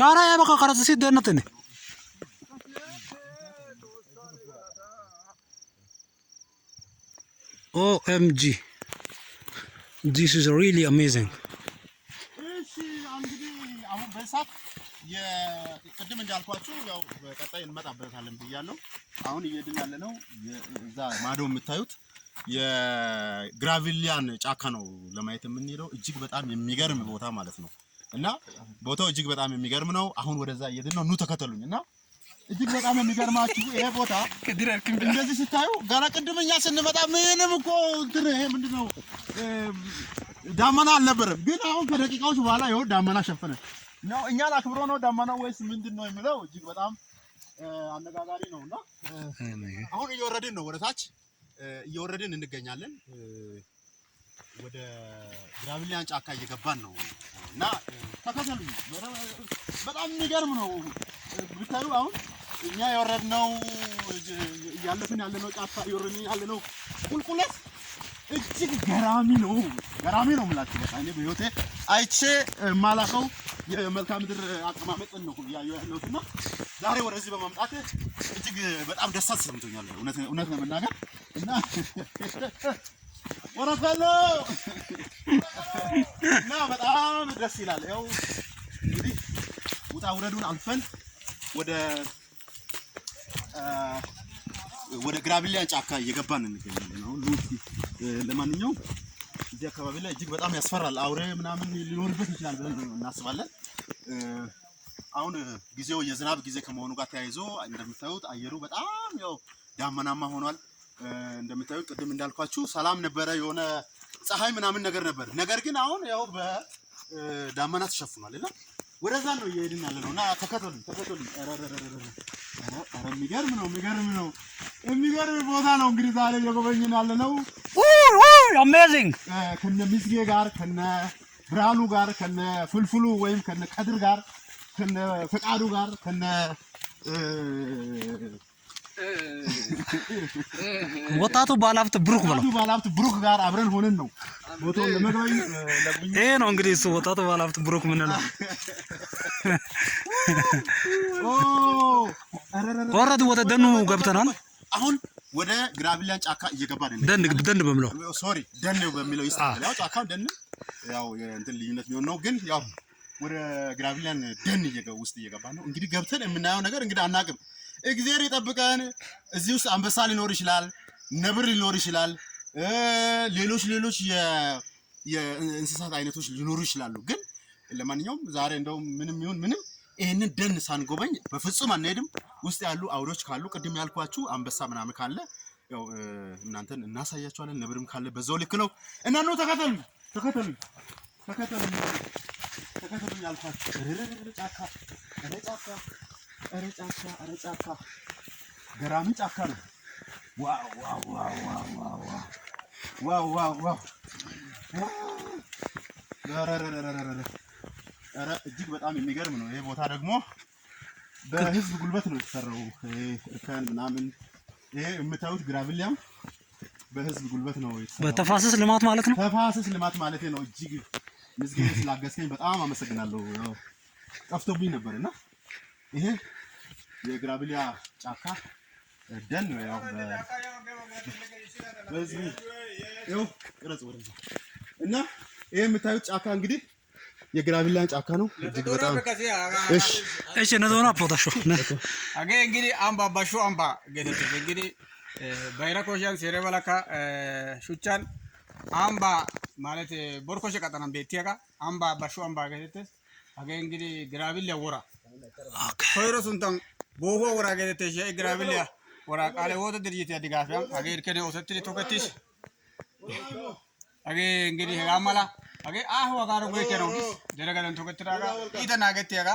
Şara ya baka karası si dönütünü. OMG. This is really amazing. አሁን በእሳት ቅድም እንዳልኳችሁ ያው በቀጣይ እንመጣበታለን ብያለሁ። አሁን እየሄድን ያለ ነው። እዛ ማዶ የምታዩት የግራቪሊያን ጫካ ነው ለማየት የምንሄደው። እጅግ በጣም የሚገርም ቦታ ማለት ነው። እና ቦታው እጅግ በጣም የሚገርም ነው። አሁን ወደዛ እየሄድን ነው። ኑ ተከተሉኝ እና እጅግ በጣም የሚገርማችሁ ይሄ ቦታ እንደዚህ ስታዩ ገና ቅድም እኛ ስንመጣ ምንም እኮ እንትን ይሄ ምንድን ነው ዳመና አልነበረም፣ ግን አሁን ከደቂቃዎች በኋላ ይኸው ዳመና ሸፈነ ነው። እኛን አክብሮ ነው ዳመና ወይስ ምንድን ነው የሚለው እጅግ በጣም አነጋጋሪ ነው። እና አሁን እየወረድን ነው፣ ወደታች እየወረድን እንገኛለን። ወደ ግራብሊያን ጫካ እየገባን ነው። እና ተከተሉ። በጣም የሚገርም ነው ብታዩ። አሁን እኛ የወረድነው እያለፍን ያለነው ጫካ እየወረድን ያለነው ቁልቁለት እጅግ ገራሚ ነው፣ ገራሚ ነው የምላችሁ። በቃ እኔ በህይወቴ አይቼ የማላውቀው የመልካ ምድር አቀማመጥን ነው እያየሁ ያለሁት እና ዛሬ ወደዚህ በማምጣት እጅግ በጣም ደስ ተሰምቶኛል፣ እውነት ለመናገር እና ወረፈለው በጣም ደስ ይላል። ያው እንግዲህ ውጣ ውረዱን አልፈን ወደ ወደ ግራቢሊያ ጫካ እየገባን እንገኛለን። አሁን ለማንኛውም እዚህ አካባቢ ላይ እጅግ በጣም ያስፈራል። አውሬ ምናምን ሊኖርበት ይችላል ብለን እናስባለን። አሁን ጊዜው የዝናብ ጊዜ ከመሆኑ ጋር ተያይዞ እንደምታዩት አየሩ በጣም ያው ዳመናማ ሆኗል። እንደምታዩት ቅድም እንዳልኳችሁ ሰላም ነበረ የሆነ ፀሐይ ምናምን ነገር ነበር። ነገር ግን አሁን ያው በዳመና ተሸፍኗል እና ወደዛ ነው እየሄድን ያለ ነው እና ተከተሉኝ፣ ተከተሉኝ። የሚገርም ነው፣ የሚገርም ነው፣ የሚገርም ቦታ ነው። እንግዲህ ዛሬ እየጎበኘን ያለ ነው። አሜዚንግ ከነ ምስጌ ጋር ከነ ብርሃኑ ጋር ከነ ፍልፍሉ ወይም ከነ ቀድር ጋር ከነ ፈቃዱ ጋር ከነ ወጣቱ ባለሀብት ብሩክ ብለው ባለሀብት ብሩክ ጋር አብረን ሆነን ነው ቦታውን ለመግባኝ ይሄ ነው እንግዲህ እሱ ወጣቱ ባለሀብት ብሩክ ምን ነው ኦ ወረድ ወደ ደኑ ገብተናል። አሁን ወደ ግራቢላን ጫካ እየገባ ነው። ደን ደን በሚለው ሶሪ ደን በሚለው ይስተካከል። ያው ጫካው ደን ያው እንትን ልዩነት የሚሆን ነው ግን ያው ወደ ግራቢላን ደን እየገባ ውስጥ እየገባ ነው። እንግዲህ ገብተን የምናየው ነገር እንግዲህ አናውቅም እግዚአብሔር ይጠብቀን። እዚህ ውስጥ አንበሳ ሊኖር ይችላል፣ ነብር ሊኖር ይችላል፣ ሌሎች ሌሎች የእንስሳት አይነቶች ሊኖሩ ይችላሉ። ግን ለማንኛውም ዛሬ እንደው ምንም ይሁን ምንም ይህንን ደን ሳንጎበኝ በፍጹም አንሄድም። ውስጥ ያሉ አውዶች ካሉ ቅድም ያልኳችሁ አንበሳ ምናምን ካለ ያው እናንተን እናሳያችኋለን። ነብርም ካለ በዛው ልክ ነው እና ነው ተከተሉ፣ ተከተሉ፣ ተከተሉ፣ ተከተሉ ያልኳችሁ ጫካ ጫካ ኧረ ጫካ ኧረ ጫካ ገራሚ ጫካ ነው። ዋው ዋው ዋው ዋው ዋው ዋው ዋው እጅግ በጣም የሚገርም ነው። ይሄ ቦታ ደግሞ በህዝብ ጉልበት ነው የተሰራው። እርከን ምናምን ይሄ የምታዩት ግራብሊያም በህዝብ ጉልበት ነው የተሰራው። በተፋሰስ ልማት ማለት ነው። ተፋሰስ ልማት ማለት ነው። እጅግ ምስጋና ስላገዝከኝ በጣም አመሰግናለሁ። ጠፍቶብኝ ነበርና ይሄ የግራብሊያ ጫካ ደን ነው። ያው በዚህ ይኸው ቅረጽ ወደዛ እና ይሄ የምታዩት ጫካ እንግዲህ የግራቪላን ጫካ ነው። እጅግ በጣም እሺ፣ እሺ ነዘውና ፖታሾ አገ እንግዲህ አምባ አባሾ አምባ ገደተ እንግዲህ ባይራኮሻን ሴሬባላካ ሹቻን አምባ ማለት ቦርኮሽ ቀጠናን ቤቲያጋ አምባ አባሾ አምባ ገደተ አገ እንግዲህ ግራቪላ ወራ ሆይረሱንታን ቦሆ ወራ ገደተሽ ግራብልያ ወራ ቃለ ወደ ድርጅት ያድጋፊያም አገ እርከደ ወሰትሪ ቶከትሽ አገ እንግዲህ ጋማላ አገ አህ ወጋሮ ጎይከ ነው ደረገደን ቶከትራጋ ኢተን አገት ያጋ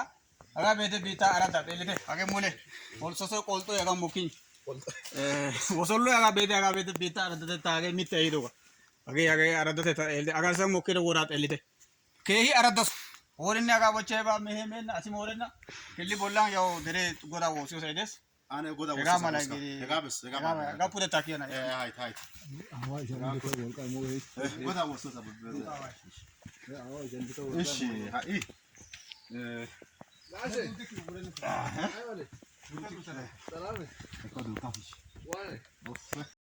አጋ ቤተ ቢታ አራታ ጤልቴ አገ ሙሌ ወልሶሶ ቆልጦ ያጋ ሙኪኝ ወሰሎ ያጋ ቤተ ያጋ ቤተ ቢታ አራታ ታ አገ ሚት አይዶጋ አገ አገ አራታ ታ አጋ ሰሞከረ ወራ ጤልቴ ከይ አራታ ಹೋರಿನ ಆಗೋಚ ಮೇಮೇನ್ ಅಸಿಮ ಹೋರಿನ ಇಲ್ಲಿ ಬೋಲ್ಲ ಯಾವ ದೆರೆ ಗೋದಾ ಓಸೋ ಸೈಡೆಸ್ ಆನೆ ಗೋದಾ ಓಸೋ ಗ್ರಾಮಲಗಿರಿ ಗಾಬಸ್ ಗಾಮ ಗಾಪುರ ತಾಕಿಯನ ಆಯ್ತು ಆಯ್ತು ಹವಾ ಜನ ಗೋದಾ ಓಸೋ ಸಬ ಹವಾ ಜನ ಬಿಟೋ ಇಶಿ ಹಾ ಇ ಲಾಜೆ ಸಲಾಮ್ ಸಲಾಮ್ ಕೊಡು ಕಾಫಿ ವಾಯ್